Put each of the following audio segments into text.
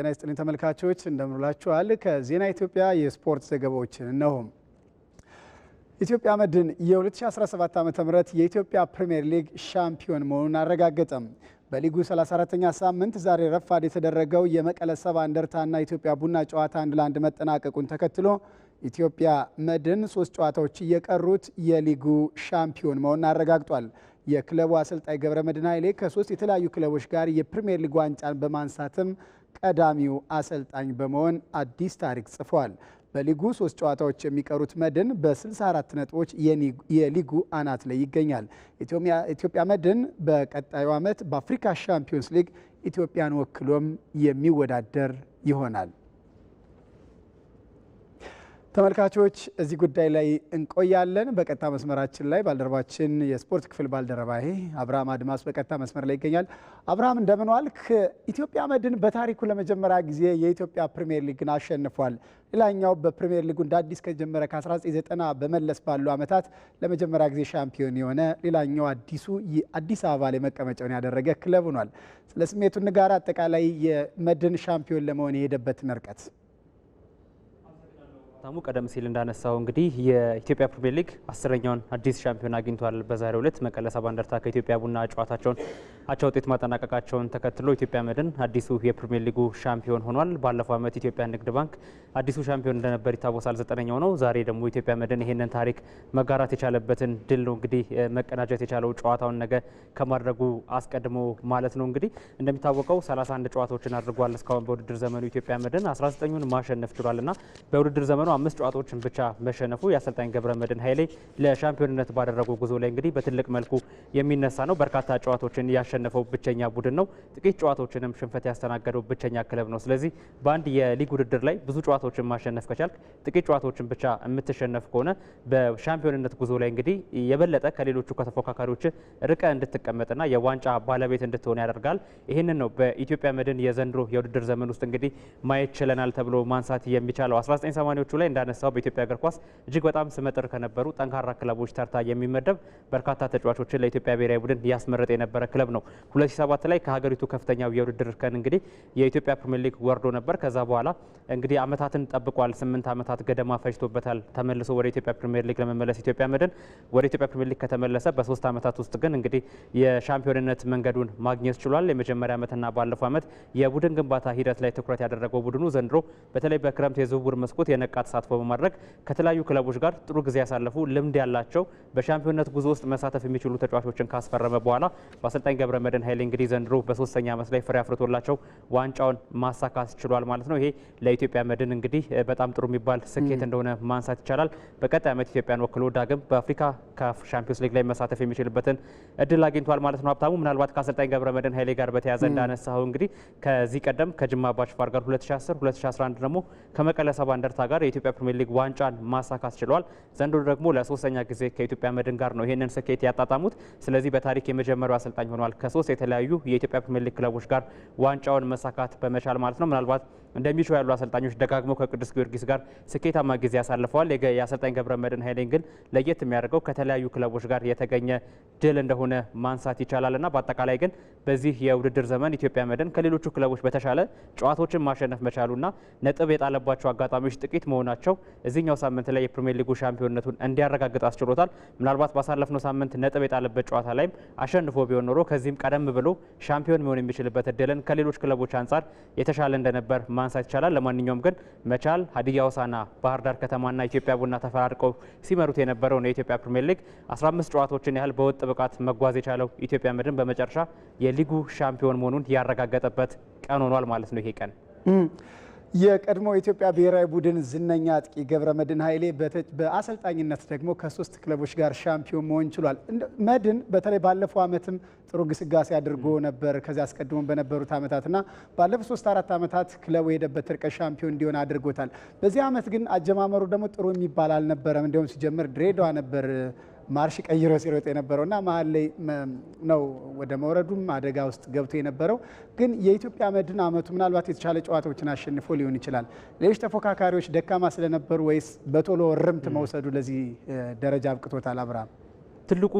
ጤና ይስጥልኝ ተመልካቾች እንደምንላችኋል። ከዜና ኢትዮጵያ የስፖርት ዘገባዎችን እነሆ። ኢትዮጵያ መድን የ2017 ዓ ም የኢትዮጵያ ፕሪምየር ሊግ ሻምፒዮን መሆኑን አረጋገጠም። በሊጉ 34ኛ ሳምንት ዛሬ ረፋድ የተደረገው የመቀለ ሰባ እንደርታና ኢትዮጵያ ቡና ጨዋታ አንድ ለአንድ መጠናቀቁን ተከትሎ ኢትዮጵያ መድን ሶስት ጨዋታዎች እየቀሩት የሊጉ ሻምፒዮን መሆኑን አረጋግጧል። የክለቡ አሰልጣኝ ገብረ መድህን ኃይሌ ከሶስት የተለያዩ ክለቦች ጋር የፕሪምየር ሊግ ዋንጫን በማንሳትም ቀዳሚው አሰልጣኝ በመሆን አዲስ ታሪክ ጽፏል። በሊጉ ሶስት ጨዋታዎች የሚቀሩት መድን በ64 ነጥቦች የሊጉ አናት ላይ ይገኛል። ኢትዮጵያ መድን በቀጣዩ ዓመት በአፍሪካ ሻምፒዮንስ ሊግ ኢትዮጵያን ወክሎም የሚወዳደር ይሆናል። ተመልካቾች እዚህ ጉዳይ ላይ እንቆያለን። በቀጥታ መስመራችን ላይ ባልደረባችን የስፖርት ክፍል ባልደረባ አብርሃም አድማስ በቀጥታ መስመር ላይ ይገኛል። አብርሃም እንደምን ዋልክ? ኢትዮጵያ መድን በታሪኩ ለመጀመሪያ ጊዜ የኢትዮጵያ ፕሪምየር ሊግን አሸንፏል። ሌላኛው በፕሪምየር ሊጉ እንደ አዲስ ከጀመረ ከ1990 በመለስ ባሉ ዓመታት ለመጀመሪያ ጊዜ ሻምፒዮን የሆነ ሌላኛው አዲሱ አዲስ አበባ ላይ መቀመጫውን ያደረገ ክለብ ሆኗል። ስለ ስሜቱን ጋር አጠቃላይ የመድን ሻምፒዮን ለመሆን የሄደበትን ርቀት ታሙ ቀደም ሲል እንዳነሳው እንግዲህ የኢትዮጵያ ፕሪሚየር ሊግ አስረኛውን አዲስ ሻምፒዮን አግኝቷል። በዛሬው ዕለት መቀለ ሰባ እንደርታ ከኢትዮጵያ ቡና ጨዋታቸውን አቻ ውጤት ማጠናቀቃቸውን ተከትሎ ኢትዮጵያ መድን አዲሱ የፕሪሚየር ሊጉ ሻምፒዮን ሆኗል። ባለፈው ዓመት ኢትዮጵያ ንግድ ባንክ አዲሱ ሻምፒዮን እንደነበር ይታወሳል፣ ዘጠነኛው ነው። ዛሬ ደግሞ ኢትዮጵያ መድን ይህንን ታሪክ መጋራት የቻለበትን ድል ነው እንግዲህ መቀናጀት የቻለው ጨዋታውን ነገ ከማድረጉ አስቀድሞ ማለት ነው። እንግዲህ እንደሚታወቀው 31 ጨዋታዎችን አድርጓል እስካሁን በውድድር ዘመኑ ኢትዮጵያ መድን 19ኙን ማሸነፍ ችሏል እና በውድድር ዘመኑ አምስት ጨዋታዎችን ብቻ መሸነፉ የአሰልጣኝ ገብረ መድን ኃይሌ ለሻምፒዮንነት ባደረጉ ጉዞ ላይ እንግዲህ በትልቅ መልኩ የሚነሳ ነው። በርካታ ጨዋታዎችን ያሸ ያሸነፈው ብቸኛ ቡድን ነው። ጥቂት ጨዋታዎችንም ሽንፈት ያስተናገደው ብቸኛ ክለብ ነው። ስለዚህ በአንድ የሊግ ውድድር ላይ ብዙ ጨዋታዎችን ማሸነፍ ከቻልክ፣ ጥቂት ጨዋታዎችን ብቻ የምትሸነፍ ከሆነ በሻምፒዮንነት ጉዞ ላይ እንግዲህ የበለጠ ከሌሎቹ ከተፎካካሪዎች ርቀ እንድትቀመጥና የዋንጫ ባለቤት እንድትሆን ያደርጋል። ይህንን ነው በኢትዮጵያ መድን የዘንድሮ የውድድር ዘመን ውስጥ እንግዲህ ማየት ችለናል ተብሎ ማንሳት የሚቻለው 1980ዎቹ ላይ እንዳነሳው በኢትዮጵያ እግር ኳስ እጅግ በጣም ስመጥር ከነበሩ ጠንካራ ክለቦች ተርታ የሚመደብ በርካታ ተጫዋቾችን ለኢትዮጵያ ብሔራዊ ቡድን ያስመረጠ የነበረ ክለብ ነው። 2007 ላይ ከሀገሪቱ ከፍተኛው የውድድር እርከን እንግዲህ የኢትዮጵያ ፕሪሚየር ሊግ ወርዶ ነበር። ከዛ በኋላ እንግዲህ አመታትን ጠብቋል። ስምንት አመታት ገደማ ፈጅቶበታል ተመልሶ ወደ ኢትዮጵያ ፕሪሚየር ሊግ ለመመለስ። ኢትዮጵያ መድን ወደ ኢትዮጵያ ፕሪሚየር ሊግ ከተመለሰ በሶስት አመታት ውስጥ ግን እንግዲህ የሻምፒዮንነት መንገዱን ማግኘት ችሏል። የመጀመሪያ አመትና ባለፈው አመት የቡድን ግንባታ ሂደት ላይ ትኩረት ያደረገው ቡድኑ ዘንድሮ በተለይ በክረምት የዝውውር መስኮት የነቃ ተሳትፎ በማድረግ ከተለያዩ ክለቦች ጋር ጥሩ ጊዜ ያሳለፉ ልምድ ያላቸው በሻምፒዮንነት ጉዞ ውስጥ መሳተፍ የሚችሉ ተጫዋቾችን ካስፈረመ በኋላ በአሰልጣኝ ገብረ መድን ኃይሌ እንግዲህ ዘንድሮ በሶስተኛ ዓመት ላይ ፍሬ አፍርቶላቸው ዋንጫውን ማሳካት ችሏል ማለት ነው። ይሄ ለኢትዮጵያ መድን እንግዲህ በጣም ጥሩ የሚባል ስኬት እንደሆነ ማንሳት ይቻላል። በቀጣይ ዓመት ኢትዮጵያን ወክሎ ዳግም በአፍሪካ ካፍ ሻምፒዮንስ ሊግ ላይ መሳተፍ የሚችልበትን እድል አግኝቷል ማለት ነው። ሀብታሙ ምናልባት ከአሰልጣኝ ገብረ መድን ኃይሌ ጋር በተያያዘ እንዳነሳው እንግዲህ ከዚህ ቀደም ከጅማ አባጅፋር ጋር 2010 2011 ደግሞ ከመቀለ ሰባ እንደርታ ጋር የኢትዮጵያ ፕሪሚየር ሊግ ዋንጫን ማሳካት ችሏል። ዘንድሮ ደግሞ ለሶስተኛ ጊዜ ከኢትዮጵያ መድን ጋር ነው ይህንን ስኬት ያጣጣሙት። ስለዚህ በታሪክ የመጀመሪያው አሰልጣኝ ሆነዋል። ከሶስት የተለያዩ የኢትዮጵያ ፕሪሚየር ሊግ ክለቦች ጋር ዋንጫውን መሳካት በመቻል ማለት ነው ምናልባት እንደሚሹ ያሉ አሰልጣኞች ደጋግመው ከቅዱስ ጊዮርጊስ ጋር ስኬታማ ጊዜ ያሳልፈዋል። የአሰልጣኝ መድን ኃይሌን ግን ለየት የሚያደርገው ከተለያዩ ክለቦች ጋር የተገኘ ድል እንደሆነ ማንሳት ይቻላልና በአጠቃላይ ግን በዚህ የውድድር ዘመን ኢትዮጵያ መድን ከሌሎቹ ክለቦች በተሻለ ጨዋታዎችን ማሸነፍ መቻሉና ነጥብ የጣለባቸው አጋጣሚዎች ጥቂት መሆናቸው እዚህኛው ሳምንት ላይ የፕሪሚየር ሊጉ ሻምፒዮንነቱን እንዲያረጋግጥ አስችሎታል። ምናልባት ባሳለፍነው ሳምንት ነጥብ የጣለበት ጨዋታ ላይም አሸንፎ ቢሆን ኖሮ ከዚህም ቀደም ብሎ ሻምፒዮን መሆን የሚችልበት እድልን ከሌሎች ክለቦች አንጻር የተሻለ እንደነበር ማንሳት ይቻላል። ለማንኛውም ግን መቻል፣ ሀዲያ ሆሳዕና፣ ባህር ዳር ከተማና ኢትዮጵያ ቡና ተፈራርቀው ሲመሩት የነበረውን የኢትዮጵያ ፕሪምየር ሊግ 15 ጨዋታዎችን ያህል በወጥ ብቃት መጓዝ የቻለው ኢትዮጵያ መድን በመጨረሻ የሊጉ ሻምፒዮን መሆኑን ያረጋገጠበት ቀን ሆኗል ማለት ነው ይሄ ቀን የቀድሞ የኢትዮጵያ ብሔራዊ ቡድን ዝነኛ አጥቂ ገብረ መድን ኃይሌ በአሰልጣኝነት ደግሞ ከሶስት ክለቦች ጋር ሻምፒዮን መሆን ችሏል። መድን በተለይ ባለፈው ዓመትም ጥሩ ግስጋሴ አድርጎ ነበር። ከዚ አስቀድሞ በነበሩት ዓመታትና ባለፉት ሶስት አራት ዓመታት ክለቡ የሄደበት ርቀት ሻምፒዮን እንዲሆን አድርጎታል። በዚህ ዓመት ግን አጀማመሩ ደግሞ ጥሩ የሚባል አልነበረም። እንዲሁም ሲጀምር ድሬዳዋ ነበር ማርሽ ቀይሮ ሲሮጥ የነበረውና መሀል ላይ ነው ወደ መውረዱም አደጋ ውስጥ ገብቶ የነበረው። ግን የኢትዮጵያ መድን አመቱ ምናልባት የተሻለ ጨዋታዎችን አሸንፎ ሊሆን ይችላል። ሌሎች ተፎካካሪዎች ደካማ ስለነበሩ ወይስ በቶሎ ርምት መውሰዱ ለዚህ ደረጃ አብቅቶታል? አብርሃም ትልቁ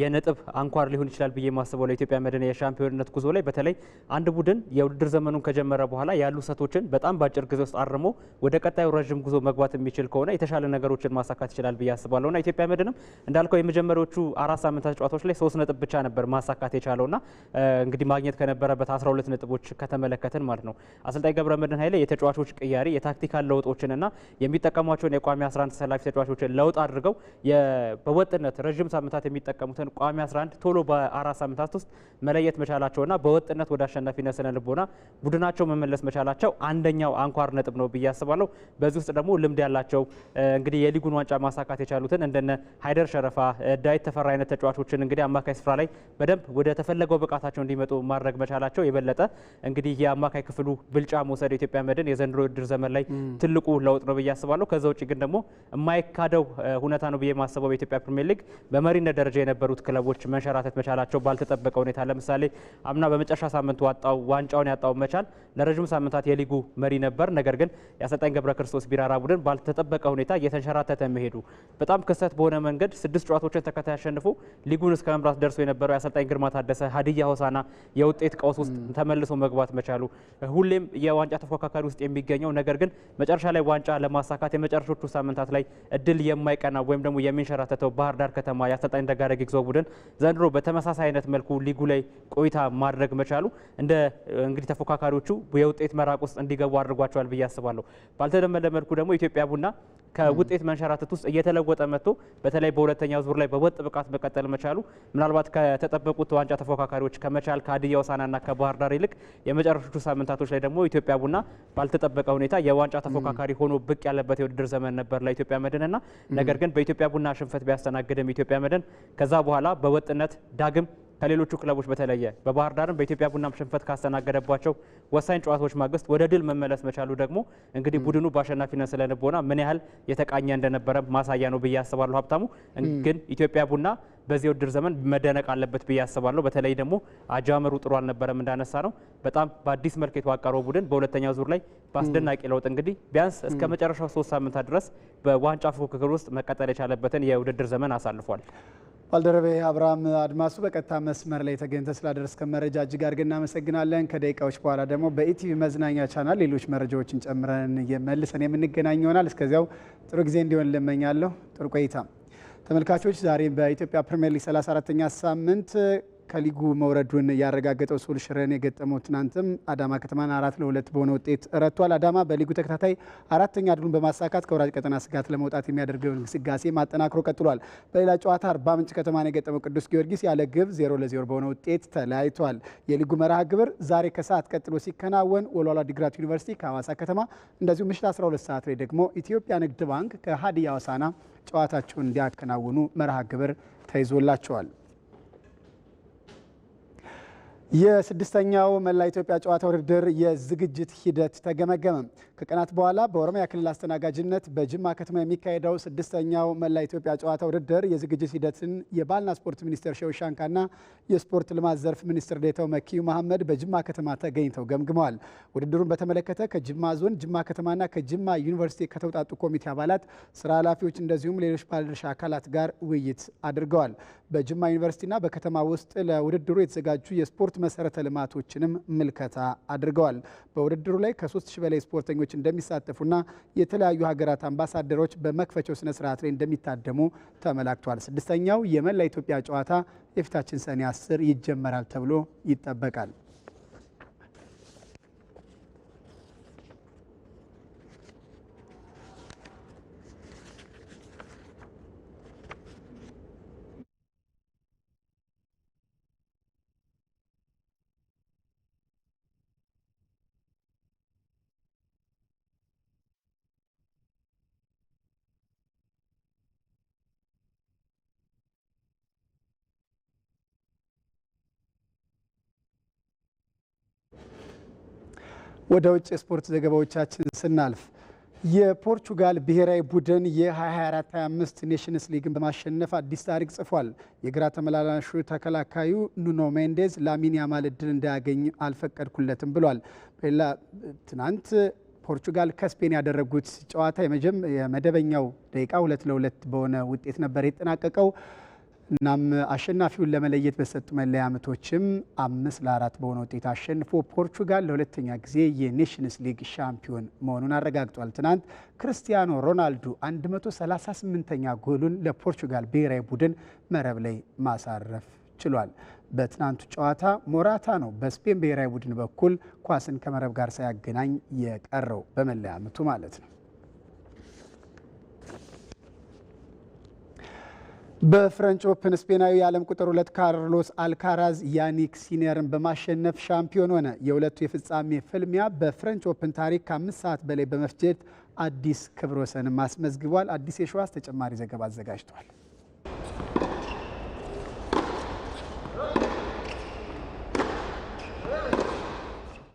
የነጥብ አንኳር ሊሆን ይችላል ብዬ ማስበው ለኢትዮጵያ መድን የሻምፒዮንነት ጉዞ ላይ በተለይ አንድ ቡድን የውድድር ዘመኑን ከጀመረ በኋላ ያሉ ሰቶችን በጣም በአጭር ጊዜ ውስጥ አርሞ ወደ ቀጣዩ ረዥም ጉዞ መግባት የሚችል ከሆነ የተሻለ ነገሮችን ማሳካት ይችላል ብዬ አስባለሁ ኢትዮጵያ መድንም እንዳልከው የመጀመሪያዎቹ አራት ሳምንታት ጨዋታዎች ላይ ሶስት ነጥብ ብቻ ነበር ማሳካት የቻለውና እንግዲህ ማግኘት ከነበረበት 12 ነጥቦች ከተመለከትን ማለት ነው። አሰልጣኝ ገብረ መድን ኃይለ የተጫዋቾች ቅያሪ የታክቲካል ለውጦችንና የሚጠቀሟቸውን የቋሚ 11 ተሰላፊ ተጫዋቾችን ለውጥ አድርገው በወጥነት ረዥም ሳምንታት የሚጠቀሙትን ቋሚ 11 ቶሎ በአራት ሳምንታት ውስጥ መለየት መቻላቸውና በወጥነት ወደ አሸናፊነት ስነ ልቦና ቡድናቸው መመለስ መቻላቸው አንደኛው አንኳር ነጥብ ነው ብዬ አስባለሁ። በዚህ ውስጥ ደግሞ ልምድ ያላቸው እንግዲህ የሊጉን ዋንጫ ማሳካት የቻሉትን እንደነ ሀይደር ሸረፋ፣ ዳዊት ተፈራ አይነት ተጫዋቾችን እንግዲህ አማካይ ስፍራ ላይ በደንብ ወደ ተፈለገው ብቃታቸው እንዲመጡ ማድረግ መቻላቸው የበለጠ እንግዲህ የአማካይ ክፍሉ ብልጫ መውሰድ የኢትዮጵያ መድን የዘንድሮ ውድድር ዘመን ላይ ትልቁ ለውጥ ነው ብዬ አስባለሁ። ከዛ ውጭ ግን ደግሞ የማይካደው ሁኔታ ነው ብዬ ማሰበው በኢትዮጵያ ፕሪሚየር ሊግ በመሪነት ደረጃ የነበሩት ክለቦች መንሸራተት መቻላቸው ባልተጠበቀ ሁኔታ ለምሳሌ አምና በመጨረሻ ሳምንት ዋንጫውን ያጣው መቻል ለረዥም ሳምንታት የሊጉ መሪ ነበር። ነገር ግን የአሰልጣኝ ገብረ ክርስቶስ ቢራራ ቡድን ባልተጠበቀ ሁኔታ እየተንሸራተተ መሄዱ በጣም ክስተት በሆነ መንገድ ስድስት ጨዋታዎችን ተከታይ አሸንፎ ሊጉን እስከ መምራት ደርሶ የነበረው የአሰልጣኝ ግርማ ታደሰ ሀዲያ ሆሳና የውጤት ቀውስ ውስጥ ተመልሶ መግባት መቻሉ ሁሌም የዋንጫ ተፎካካሪ ውስጥ የሚገኘው ነገር ግን መጨረሻ ላይ ዋንጫ ለማሳካት የመጨረሾቹ ሳምንታት ላይ እድል የማይቀና ወይም ደግሞ የሚንሸራተተው ባህር ዳር ከተማ የአሰልጣኝ ተጋደግ ግዞ ቡድን ዘንድሮ በተመሳሳይ አይነት መልኩ ሊጉ ላይ ቆይታ ማድረግ መቻሉ እንደ እንግዲህ ተፎካካሪዎቹ የውጤት መራቅ ውስጥ እንዲገቡ አድርጓቸዋል ብዬ አስባለሁ። ባልተለመደ መልኩ ደግሞ ኢትዮጵያ ቡና ከውጤት መንሸራተት ውስጥ እየተለወጠ መጥቶ በተለይ በሁለተኛው ዙር ላይ በወጥ ብቃት መቀጠል መቻሉ ምናልባት ከተጠበቁት ዋንጫ ተፎካካሪዎች ከመቻል ከሀዲያ ሆሳዕናና ከባህር ዳር ይልቅ የመጨረሻዎቹ ሳምንታቶች ላይ ደግሞ ኢትዮጵያ ቡና ባልተጠበቀ ሁኔታ የዋንጫ ተፎካካሪ ሆኖ ብቅ ያለበት የውድድር ዘመን ነበር ለኢትዮጵያ መድንና ነገር ግን በኢትዮጵያ ቡና ሽንፈት ቢያስተናግድም ኢትዮጵያ መድን ከዛ በኋላ በወጥነት ዳግም ከሌሎቹ ክለቦች በተለየ በባህር ዳርም በኢትዮጵያ ቡና ሽንፈት ካስተናገደባቸው ወሳኝ ጨዋታዎች ማግስት ወደ ድል መመለስ መቻሉ ደግሞ እንግዲህ ቡድኑ በአሸናፊነት ስለንቦና ምን ያህል የተቃኘ እንደነበረ ማሳያ ነው ብዬ አስባለሁ። ሀብታሙ ግን ኢትዮጵያ ቡና በዚህ ውድድር ዘመን መደነቅ አለበት ብዬ አስባለሁ። በተለይ ደግሞ አጃመሩ ጥሩ አልነበረም እንዳነሳ ነው። በጣም በአዲስ መልክ የተዋቀረው ቡድን በሁለተኛ ዙር ላይ በአስደናቂ ለውጥ እንግዲህ ቢያንስ እስከ መጨረሻው ሶስት ሳምንታት ድረስ በዋንጫ ፉክክር ውስጥ መቀጠል የቻለበትን የውድድር ዘመን አሳልፏል። ባልደረቤ አብርሃም አድማሱ በቀጥታ መስመር ላይ ተገኝተ ስላደረስከ መረጃ እጅግ አድርገን እናመሰግናለን። ከደቂቃዎች በኋላ ደግሞ በኢቲቪ መዝናኛ ቻናል ሌሎች መረጃዎችን ጨምረን የመልሰን የምንገናኝ ይሆናል። እስከዚያው ጥሩ ጊዜ እንዲሆን ልመኛለሁ። ጥሩ ቆይታ ተመልካቾች። ዛሬ በኢትዮጵያ ፕሪምየር ሊግ 34ኛ ሳምንት ከሊጉ መውረዱን ያረጋገጠው ሱል ሽረን የገጠመው ትናንትም አዳማ ከተማን አራት ለሁለት በሆነ ውጤት ረቷል። አዳማ በሊጉ ተከታታይ አራተኛ ድሉን በማሳካት ከወራጅ ቀጠና ስጋት ለመውጣት የሚያደርገውን እንቅስቃሴ ማጠናክሮ ቀጥሏል። በሌላ ጨዋታ አርባ ምንጭ ከተማን የገጠመው ቅዱስ ጊዮርጊስ ያለ ግብ ዜሮ ለዜሮ በሆነ ውጤት ተለያይቷል። የሊጉ መርሃ ግብር ዛሬ ከሰዓት ቀጥሎ ሲከናወን ወልዋሎ ዓዲግራት ዩኒቨርሲቲ ከሐዋሳ ከተማ እንደዚሁም ምሽት 12 ሰዓት ላይ ደግሞ ኢትዮጵያ ንግድ ባንክ ከሀዲያ ሆሳዕና ጨዋታቸውን እንዲያከናውኑ መርሃ ግብር ተይዞላቸዋል። የስድስተኛው መላ ኢትዮጵያ ጨዋታ ውድድር የዝግጅት ሂደት ተገመገመ። ከቀናት በኋላ በኦሮሚያ ክልል አስተናጋጅነት በጅማ ከተማ የሚካሄደው ስድስተኛው መላ ኢትዮጵያ ጨዋታ ውድድር የዝግጅት ሂደትን የባህልና ስፖርት ሚኒስቴር ሸውሻንካና የስፖርት ልማት ዘርፍ ሚኒስትር ዴኤታው መኪዩ መሐመድ በጅማ ከተማ ተገኝተው ገምግመዋል። ውድድሩን በተመለከተ ከጅማ ዞን፣ ጅማ ከተማና ከጅማ ዩኒቨርሲቲ ከተውጣጡ ኮሚቴ አባላት፣ ስራ ኃላፊዎች እንደዚሁም ሌሎች ባለድርሻ አካላት ጋር ውይይት አድርገዋል። በጅማ ዩኒቨርሲቲና በከተማ ውስጥ ለውድድሩ የተዘጋጁ የስፖርት መሰረተ ልማቶችንም ምልከታ አድርገዋል። በውድድሩ ላይ ከሶስት 3000 በላይ ስፖርተኞች እንደሚሳተፉና የተለያዩ ሀገራት አምባሳደሮች በመክፈቻው ስነ ስርዓት ላይ እንደሚታደሙ ተመላክቷል። ስድስተኛው የመላ ኢትዮጵያ ጨዋታ የፊታችን ሰኔ አስር ይጀመራል ተብሎ ይጠበቃል። ወደ ውጭ የስፖርት ዘገባዎቻችን ስናልፍ የፖርቹጋል ብሔራዊ ቡድን የ2425 ኔሽንስ ሊግን በማሸነፍ አዲስ ታሪክ ጽፏል። የግራ ተመላላሹ ተከላካዩ ኑኖ ሜንዴዝ ላሚን ያማል እድል እንዳያገኝ አልፈቀድኩለትም ብሏል። በሌላ ትናንት ፖርቹጋል ከስፔን ያደረጉት ጨዋታ የመደበኛው ደቂቃ ሁለት ለሁለት በሆነ ውጤት ነበር የተጠናቀቀው። እናም አሸናፊውን ለመለየት በሰጡ መለያ ምቶችም አምስት ለአራት በሆነ ውጤት አሸንፎ ፖርቹጋል ለሁለተኛ ጊዜ የኔሽንስ ሊግ ሻምፒዮን መሆኑን አረጋግጧል። ትናንት ክርስቲያኖ ሮናልዶ 138ኛ ጎሉን ለፖርቹጋል ብሔራዊ ቡድን መረብ ላይ ማሳረፍ ችሏል። በትናንቱ ጨዋታ ሞራታ ነው በስፔን ብሔራዊ ቡድን በኩል ኳስን ከመረብ ጋር ሳያገናኝ የቀረው በመለያ ምቱ ማለት ነው። በፍረንች ኦፕን ስፔናዊ የዓለም ቁጥር ሁለት ካርሎስ አልካራዝ ያኒክ ሲኒየርን በማሸነፍ ሻምፒዮን ሆነ። የሁለቱ የፍጻሜ ፍልሚያ በፍረንች ኦፕን ታሪክ ከአምስት ሰዓት በላይ በመፍጀት አዲስ ክብረ ወሰንም አስመዝግቧል። አዲስ የሸዋስ ተጨማሪ ዘገባ አዘጋጅቷል።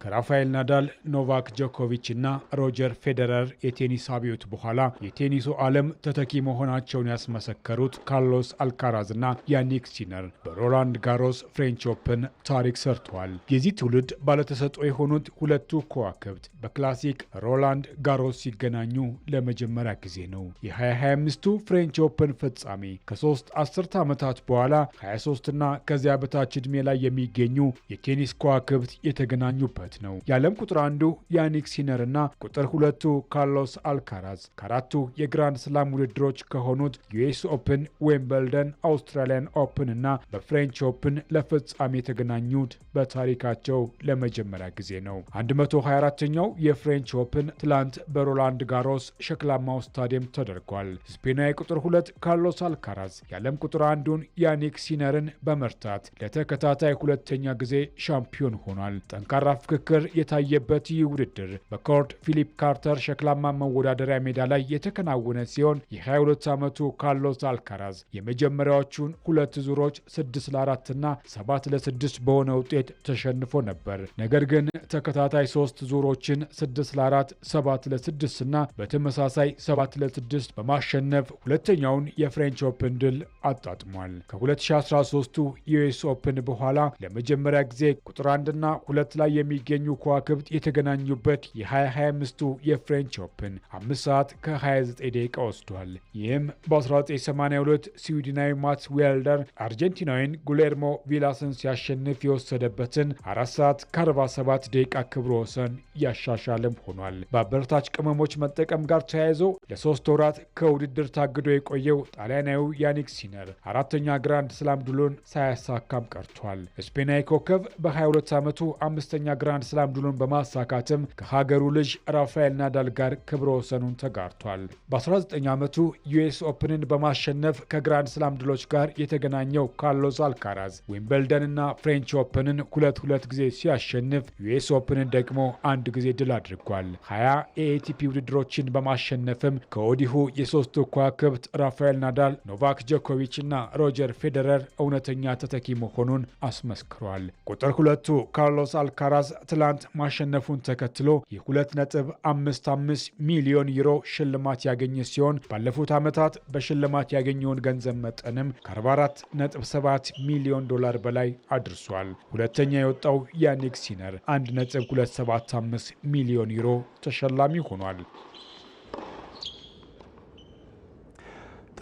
ከራፋኤል ናዳል፣ ኖቫክ ጆኮቪች እና ሮጀር ፌዴረር የቴኒስ አብዮት በኋላ የቴኒሱ ዓለም ተተኪ መሆናቸውን ያስመሰከሩት ካርሎስ አልካራዝ እና ያኒክ ሲነር በሮላንድ ጋሮስ ፍሬንች ኦፕን ታሪክ ሰርተዋል። የዚህ ትውልድ ባለተሰጦ የሆኑት ሁለቱ ከዋክብት በክላሲክ ሮላንድ ጋሮስ ሲገናኙ ለመጀመሪያ ጊዜ ነው። የ2025ቱ ፍሬንች ኦፕን ፍጻሜ ከሶስት አስርተ ዓመታት በኋላ 23ና ከዚያ በታች ዕድሜ ላይ የሚገኙ የቴኒስ ከዋክብት የተገናኙበት ማለት ነው። የዓለም ቁጥር አንዱ ያኒክ ሲነር እና ቁጥር ሁለቱ ካርሎስ አልካራዝ ከአራቱ የግራንድ ስላም ውድድሮች ከሆኑት ዩኤስ ኦፕን፣ ዌምበልደን፣ አውስትራሊያን ኦፕን እና በፍሬንች ኦፕን ለፍጻሜ የተገናኙት በታሪካቸው ለመጀመሪያ ጊዜ ነው። 124ኛው የፍሬንች ኦፕን ትላንት በሮላንድ ጋሮስ ሸክላማው ስታዲየም ተደርጓል። ስፔናዊ ቁጥር ሁለት ካርሎስ አልካራዝ የዓለም ቁጥር አንዱን ያኒክ ሲነርን በመርታት ለተከታታይ ሁለተኛ ጊዜ ሻምፒዮን ሆኗል። ጠንካራ ፍክክር ፉክክር የታየበት ይህ ውድድር በኮርድ ፊሊፕ ካርተር ሸክላማ መወዳደሪያ ሜዳ ላይ የተከናወነ ሲሆን የ22 ዓመቱ ካርሎስ አልካራዝ የመጀመሪያዎቹን ሁለት ዙሮች 6 ለ4 እና 7 ለ6 በሆነ ውጤት ተሸንፎ ነበር። ነገር ግን ተከታታይ ሶስት ዙሮችን 6 ለ4፣ 7 ለ6 እና በተመሳሳይ 7 ለ6 በማሸነፍ ሁለተኛውን የፍሬንች ኦፕን ድል አጣጥሟል። ከ2013ቱ ዩኤስ ኦፕን በኋላ ለመጀመሪያ ጊዜ ቁጥር 1ና አንድና 2 ላይ የሚገ የሚገኙ ከዋክብት የተገናኙበት የ2025ቱ የፍሬንች ኦፕን 5 ሰዓት ከ29 ደቂቃ ወስዷል። ይህም በ1982 ስዊድናዊ ማትስ ዌልደር አርጀንቲናዊን ጉሌርሞ ቪላስን ሲያሸንፍ የወሰደበትን 4 ሰዓት ከ47 ደቂቃ ክብረ ወሰን ያሻሻልም ሆኗል። በአበረታች ቅመሞች መጠቀም ጋር ተያይዞ ለሶስት ወራት ከውድድር ታግዶ የቆየው ጣሊያናዊ ያኒክ ሲነር አራተኛ ግራንድ ስላም ድሉን ሳያሳካም ቀርቷል። ስፔናዊ ኮከብ በ22 ዓመቱ አምስተኛ ግራንድ አልሰላም ድሉን በማሳካትም ከሀገሩ ልጅ ራፋኤል ናዳል ጋር ክብረ ወሰኑን ተጋርቷል። በ19 ዓመቱ ዩኤስ ኦፕንን በማሸነፍ ከግራንድ ስላም ድሎች ጋር የተገናኘው ካርሎስ አልካራዝ ዊምበልደንና ፍሬንች ኦፕንን ሁለት ሁለት ጊዜ ሲያሸንፍ ዩኤስ ኦፕንን ደግሞ አንድ ጊዜ ድል አድርጓል። ሀያ የኤቲፒ ውድድሮችን በማሸነፍም ከወዲሁ የሶስቱ ከዋክብት ራፋኤል ናዳል፣ ኖቫክ ጆኮቪች እና ሮጀር ፌዴረር እውነተኛ ተተኪ መሆኑን አስመስክሯል። ቁጥር ሁለቱ ካርሎስ አልካራዝ ትላንት ማሸነፉን ተከትሎ የ2.55 ሚሊዮን ዩሮ ሽልማት ያገኘ ሲሆን ባለፉት ዓመታት በሽልማት ያገኘውን ገንዘብ መጠንም ከ44.7 ሚሊዮን ዶላር በላይ አድርሷል። ሁለተኛ የወጣው ያኒክ ሲነር 1.275 ሚሊዮን ዩሮ ተሸላሚ ሆኗል።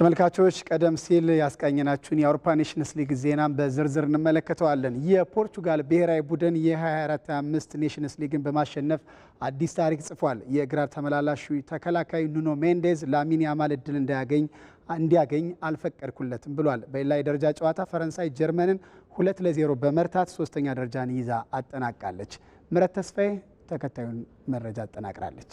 ተመልካቾች ቀደም ሲል ያስቃኘናችሁን የአውሮፓ ኔሽንስ ሊግ ዜናን በዝርዝር እንመለከተዋለን። የፖርቱጋል ብሔራዊ ቡድን የ24/25 ኔሽንስ ሊግን በማሸነፍ አዲስ ታሪክ ጽፏል። የግራር ተመላላሹ ተከላካይ ኑኖ ሜንዴዝ ላሚን ያማል እድል እንዳያገኝ እንዲያገኝ አልፈቀድኩለትም ብሏል። በሌላ የደረጃ ጨዋታ ፈረንሳይ ጀርመንን ሁለት ለዜሮ በመርታት ሶስተኛ ደረጃን ይዛ አጠናቃለች። ምረት ተስፋዬ ተከታዩን መረጃ አጠናቅራለች።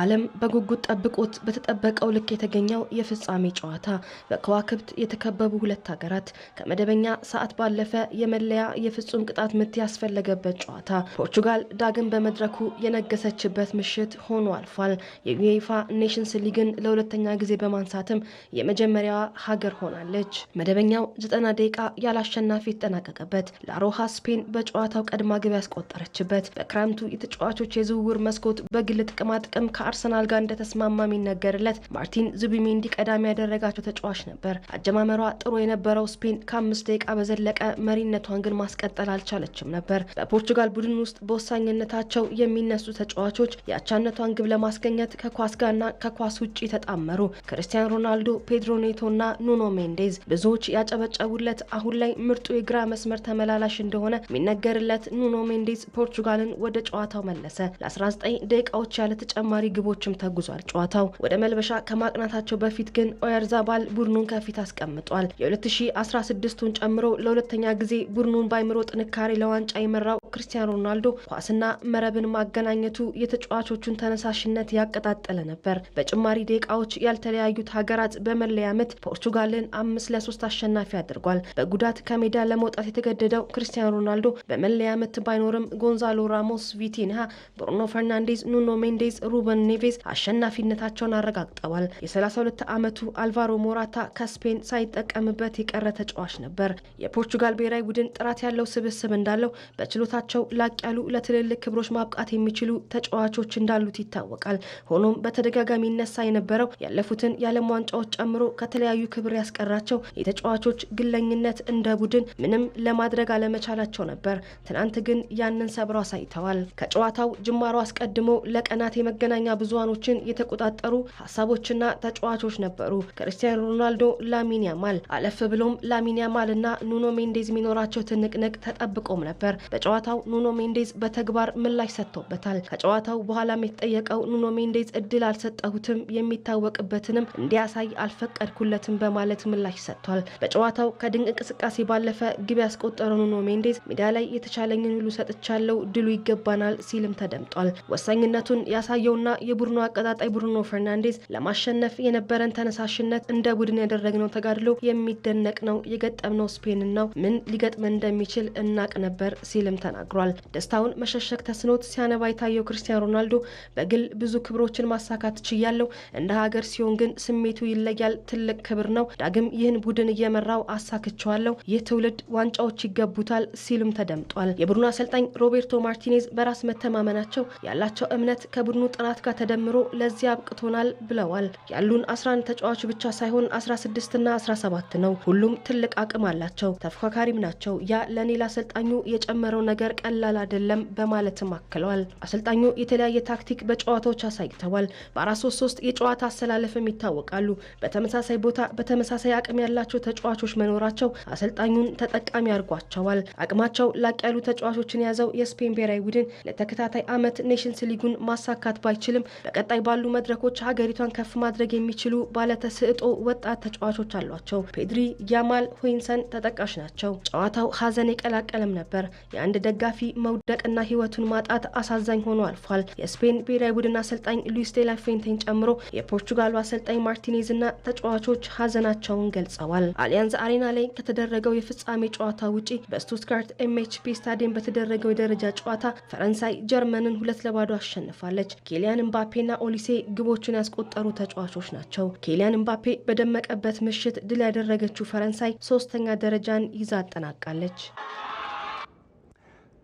ዓለም በጉጉት ጠብቆት በተጠበቀው ልክ የተገኘው የፍጻሜ ጨዋታ በከዋክብት የተከበቡ ሁለት ሀገራት ከመደበኛ ሰዓት ባለፈ የመለያ የፍጹም ቅጣት ምት ያስፈለገበት ጨዋታ ፖርቹጋል ዳግም በመድረኩ የነገሰችበት ምሽት ሆኖ አልፏል። የዩኤፋ ኔሽንስ ሊግን ለሁለተኛ ጊዜ በማንሳትም የመጀመሪያዋ ሀገር ሆናለች። መደበኛው ዘጠና ደቂቃ ያላሸናፊ አሸናፊ የተጠናቀቀበት ላሮሃ ስፔን በጨዋታው ቀድማ ግብ ያስቆጠረችበት በክረምቱ የተጫዋቾች የዝውውር መስኮት በግል ጥቅማጥቅም ከአርሰናል ጋር እንደተስማማ የሚነገርለት ማርቲን ዙቢሜንዲ ቀዳሚ ያደረጋቸው ተጫዋች ነበር። አጀማመሯ ጥሩ የነበረው ስፔን ከአምስት ደቂቃ በዘለቀ መሪነቷን ግን ማስቀጠል አልቻለችም ነበር። በፖርቹጋል ቡድን ውስጥ በወሳኝነታቸው የሚነሱ ተጫዋቾች የአቻነቷን ግብ ለማስገኘት ከኳስ ጋርና ከኳስ ውጪ ተጣመሩ። ክርስቲያን ሮናልዶ፣ ፔድሮ ኔቶና ኑኖ ሜንዴዝ ብዙዎች ያጨበጨቡለት አሁን ላይ ምርጡ የግራ መስመር ተመላላሽ እንደሆነ የሚነገርለት ኑኖ ሜንዴዝ ፖርቹጋልን ወደ ጨዋታው መለሰ። ለ19 ደቂቃዎች ያለ ተጨማሪ ግቦችም ተጉዟል። ጨዋታው ወደ መልበሻ ከማቅናታቸው በፊት ግን ኦያርዛባል ቡድኑን ከፊት አስቀምጧል። የ2016ቱን ጨምሮ ለሁለተኛ ጊዜ ቡድኑን በአይምሮ ጥንካሬ ለዋንጫ የመራው ክርስቲያኖ ሮናልዶ ኳስና መረብን ማገናኘቱ የተጫዋቾቹን ተነሳሽነት ያቀጣጠለ ነበር። በጭማሪ ደቂቃዎች ያልተለያዩት ሀገራት በመለያ ምት ፖርቱጋልን አምስት ለሶስት አሸናፊ አድርጓል። በጉዳት ከሜዳ ለመውጣት የተገደደው ክርስቲያኖ ሮናልዶ በመለያ ምት ባይኖርም ጎንዛሎ ራሞስ፣ ቪቲንሃ፣ ብሩኖ ፈርናንዴዝ፣ ኑኖ ሜንዴዝ፣ ሩበን ዳርዊን ኔቬዝ አሸናፊነታቸውን አረጋግጠዋል። የ32 ዓመቱ አልቫሮ ሞራታ ከስፔን ሳይጠቀምበት የቀረ ተጫዋች ነበር። የፖርቹጋል ብሔራዊ ቡድን ጥራት ያለው ስብስብ እንዳለው በችሎታቸው ላቅ ያሉ ለትልልቅ ክብሮች ማብቃት የሚችሉ ተጫዋቾች እንዳሉት ይታወቃል። ሆኖም በተደጋጋሚ ይነሳ የነበረው ያለፉትን የዓለም ዋንጫዎች ጨምሮ ከተለያዩ ክብር ያስቀራቸው የተጫዋቾች ግለኝነት እንደ ቡድን ምንም ለማድረግ አለመቻላቸው ነበር። ትናንት ግን ያንን ሰብረው አሳይተዋል። ከጨዋታው ጅማሮ አስቀድሞ ለቀናት የመገናኛ መገናኛ ብዙሃኖችን የተቆጣጠሩ ሀሳቦችና ተጫዋቾች ነበሩ። ክርስቲያኖ ሮናልዶ፣ ላሚን ያማል አለፍ ብሎም ላሚን ያማል እና ኑኖ ሜንዴዝ የሚኖራቸው ትንቅንቅ ተጠብቆም ነበር። በጨዋታው ኑኖ ሜንዴዝ በተግባር ምላሽ ሰጥቶበታል። ከጨዋታው በኋላም የተጠየቀው ኑኖ ሜንዴዝ እድል አልሰጠሁትም፣ የሚታወቅበትንም እንዲያሳይ አልፈቀድኩለትም በማለት ምላሽ ሰጥቷል። በጨዋታው ከድንቅ እንቅስቃሴ ባለፈ ግብ ያስቆጠረው ኑኖ ሜንዴዝ ሜዳ ላይ የተቻለኝን ሁሉ ሰጥቻለው፣ ድሉ ይገባናል ሲልም ተደምጧል። ወሳኝነቱን ያሳየውና የቡድኑ አቀጣጣይ ቡድኖ ፈርናንዴዝ ለማሸነፍ የነበረን ተነሳሽነት እንደ ቡድን ያደረግነው ተጋድሎ የሚደነቅ ነው። የገጠምነው ስፔን ነው። ምን ሊገጥመን እንደሚችል እናቅ ነበር ሲልም ተናግሯል። ደስታውን መሸሸግ ተስኖት ሲያነባ የታየው ክርስቲያኖ ሮናልዶ በግል ብዙ ክብሮችን ማሳካት ችያለው፣ እንደ ሀገር ሲሆን ግን ስሜቱ ይለያል። ትልቅ ክብር ነው። ዳግም ይህን ቡድን እየመራው አሳክቸዋለሁ። ይህ ትውልድ ዋንጫዎች ይገቡታል ሲሉም ተደምጧል። የቡድኑ አሰልጣኝ ሮቤርቶ ማርቲኔዝ በራስ መተማመናቸው ያላቸው እምነት ከቡድኑ ጥራት ጋር ተደምሮ ለዚያ አብቅቶናል ብለዋል። ያሉን 11 ተጫዋች ብቻ ሳይሆን 16ና 17 ነው። ሁሉም ትልቅ አቅም አላቸው፣ ተፎካካሪም ናቸው። ያ ለእኔ ለአሰልጣኙ የጨመረው ነገር ቀላል አይደለም በማለትም አክለዋል። አሰልጣኙ የተለያየ ታክቲክ በጨዋታዎች አሳይተዋል። በ433 የጨዋታ አሰላለፍም ይታወቃሉ። በተመሳሳይ ቦታ በተመሳሳይ አቅም ያላቸው ተጫዋቾች መኖራቸው አሰልጣኙን ተጠቃሚ አድርጓቸዋል። አቅማቸው ላቅ ያሉ ተጫዋቾችን የያዘው የስፔን ብሔራዊ ቡድን ለተከታታይ ዓመት ኔሽንስ ሊጉን ማሳካት ባይችልም ቢችልም በቀጣይ ባሉ መድረኮች ሀገሪቷን ከፍ ማድረግ የሚችሉ ባለተሰጥኦ ወጣት ተጫዋቾች አሏቸው። ፔድሪ፣ ያማል፣ ሆይንሰን ተጠቃሽ ናቸው። ጨዋታው ሀዘን የቀላቀለም ነበር። የአንድ ደጋፊ መውደቅና ሕይወቱን ማጣት አሳዛኝ ሆኖ አልፏል። የስፔን ብሔራዊ ቡድን አሰልጣኝ ሉዊስ ዴላ ፌንቴን ጨምሮ የፖርቹጋሉ አሰልጣኝ ማርቲኔዝ ተጫዋቾች ሀዘናቸውን ገልጸዋል። አሊያንዝ አሬና ላይ ከተደረገው የፍጻሜ ጨዋታ ውጪ በስቱትጋርት ኤምኤችፒ ስታዲየም በተደረገው የደረጃ ጨዋታ ፈረንሳይ ጀርመንን ሁለት ለባዶ አሸንፋለች። ኪሊያን እምባፔና ኦሊሴ ግቦቹን ያስቆጠሩ ተጫዋቾች ናቸው። ኬሊያን ኤምባፔ በደመቀበት ምሽት ድል ያደረገችው ፈረንሳይ ሶስተኛ ደረጃን ይዛ አጠናቃለች።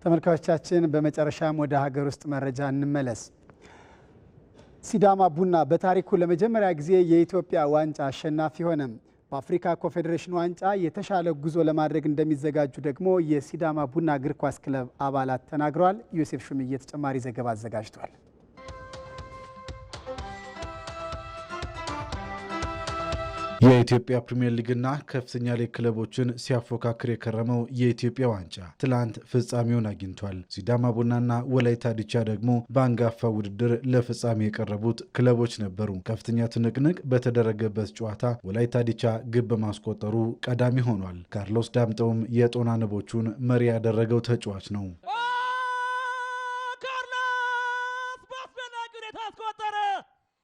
ተመልካቾቻችን በመጨረሻም ወደ ሀገር ውስጥ መረጃ እንመለስ። ሲዳማ ቡና በታሪኩ ለመጀመሪያ ጊዜ የኢትዮጵያ ዋንጫ አሸናፊ ሆነም። በአፍሪካ ኮንፌዴሬሽን ዋንጫ የተሻለ ጉዞ ለማድረግ እንደሚዘጋጁ ደግሞ የሲዳማ ቡና እግር ኳስ ክለብ አባላት ተናግረዋል። ዮሴፍ ሹምዬ ተጨማሪ ዘገባ አዘጋጅቷል። የኢትዮጵያ ፕሪምየር ሊግና ከፍተኛ ሊግ ክለቦችን ሲያፎካክር የከረመው የኢትዮጵያ ዋንጫ ትላንት ፍጻሜውን አግኝቷል። ሲዳማ ቡናና ወላይታ ዲቻ ደግሞ በአንጋፋ ውድድር ለፍጻሜ የቀረቡት ክለቦች ነበሩ። ከፍተኛ ትንቅንቅ በተደረገበት ጨዋታ ወላይታ ዲቻ ግብ በማስቆጠሩ ቀዳሚ ሆኗል። ካርሎስ ዳምጠውም የጦና ንቦቹን መሪ ያደረገው ተጫዋች ነው።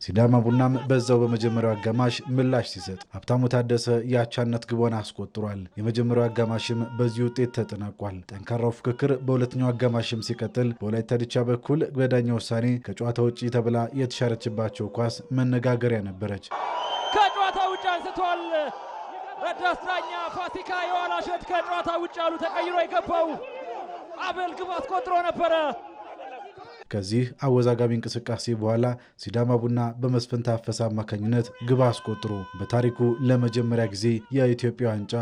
ሲዳማ ቡናም በዛው በመጀመሪያው አጋማሽ ምላሽ ሲሰጥ ሀብታሙ ታደሰ የአቻነት ግቦን አስቆጥሯል። የመጀመሪያው አጋማሽም በዚህ ውጤት ተጠናቋል። ጠንካራው ፍክክር በሁለተኛው አጋማሽም ሲቀጥል በወላይታ ዲቻ በኩል በዳኛ ውሳኔ ከጨዋታ ውጪ ተብላ የተሻረችባቸው ኳስ መነጋገሪያ ነበረች። ከጨዋታ ውጭ አንስቷል። ረዳት ዳኛ ፋሲካ የዋላሸት ከጨዋታ ውጭ አሉ። ተቀይሮ የገባው አቤል ግብ አስቆጥሮ ነበረ። ከዚህ አወዛጋቢ እንቅስቃሴ በኋላ ሲዳማ ቡና በመስፍን ታፈሰ አማካኝነት ግብ አስቆጥሮ በታሪኩ ለመጀመሪያ ጊዜ የኢትዮጵያ ዋንጫ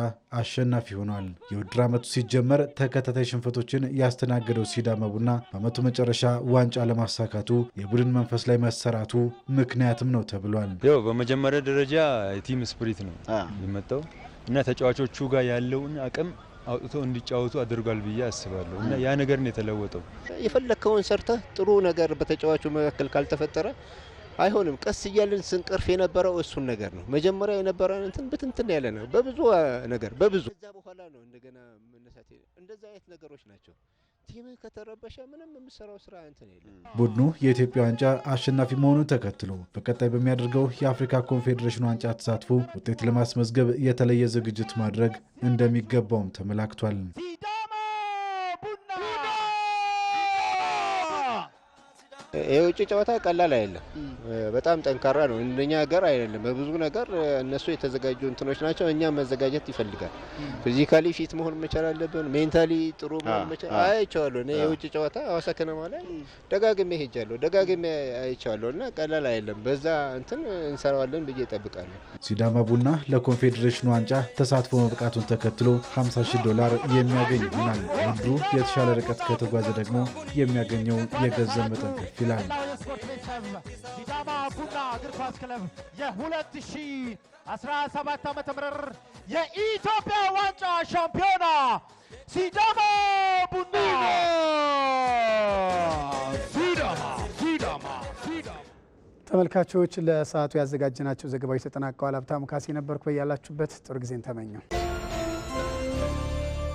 አሸናፊ ሆኗል። የውድድር ዓመቱ ሲጀመር ተከታታይ ሽንፈቶችን ያስተናገደው ሲዳማ ቡና በዓመቱ መጨረሻ ዋንጫ ለማሳካቱ የቡድን መንፈስ ላይ መሰራቱ ምክንያትም ነው ተብሏል። ያው በመጀመሪያ ደረጃ ቲም ስፕሪት ነው የመጣው እና ተጫዋቾቹ ጋር ያለውን አቅም አውጥቶ እንዲጫወቱ አድርጓል ብዬ አስባለሁ እና ያ ነገር ነው የተለወጠው። የፈለግከውን ሰርተህ ጥሩ ነገር በተጫዋቹ መካከል ካልተፈጠረ አይሆንም። ቀስ እያለን ስንቀርፍ የነበረው እሱን ነገር ነው። መጀመሪያ የነበረን እንትን ብትንትን ያለ ነው በብዙ ነገር በብዙ ከዛ በኋላ ነው እንደገና መነሳት። እንደዛ አይነት ነገሮች ናቸው። ቲምህ ከተረበሸ ምንም የምሰራው ስራ እንትን የለ። ቡድኑ የኢትዮጵያ ዋንጫ አሸናፊ መሆኑን ተከትሎ በቀጣይ በሚያደርገው የአፍሪካ ኮንፌዴሬሽን ዋንጫ ተሳትፎ ውጤት ለማስመዝገብ የተለየ ዝግጅት ማድረግ እንደሚገባውም ተመላክቷል። የውጭ ጨዋታ ቀላል አይደለም። በጣም ጠንካራ ነው። እንደኛ ሀገር አይደለም። በብዙ ነገር እነሱ የተዘጋጁ እንትኖች ናቸው። እኛ መዘጋጀት ይፈልጋል። ፊዚካሊ ፊት መሆን መቻል አለብን። ሜንታሊ ጥሩ መሆን መቻል አይቼዋለሁ። እኔ የውጭ ጨዋታ ሀዋሳ ከነማ ላይ ደጋግሜ ሄጃለሁ፣ ደጋግሜ አይቼዋለሁ እና ቀላል አይደለም። በዛ እንትን እንሰራዋለን ብዬ እጠብቃለሁ። ሲዳማ ቡና ለኮንፌዴሬሽኑ ዋንጫ ተሳትፎ መብቃቱን ተከትሎ 50 ሺህ ዶላር የሚያገኝ ይሆናል። ውድድሩ የተሻለ ርቀት ከተጓዘ ደግሞ የሚያገኘው የገንዘብ መጠን ከፊል ይላል። የስፖርት ቤት ሲዳማ ቡና እግር ኳስ ክለብ የ2017 ዓ ም የኢትዮጵያ ዋንጫ ሻምፒዮና ሲዳማ ቡና ተመልካቾች ለሰዓቱ ያዘጋጀናቸው ዘገባዎች ተጠናቀዋል። ሀብታሙ ካሴ ነበርኩ። በያላችሁበት ጥሩ ጊዜን ተመኘው።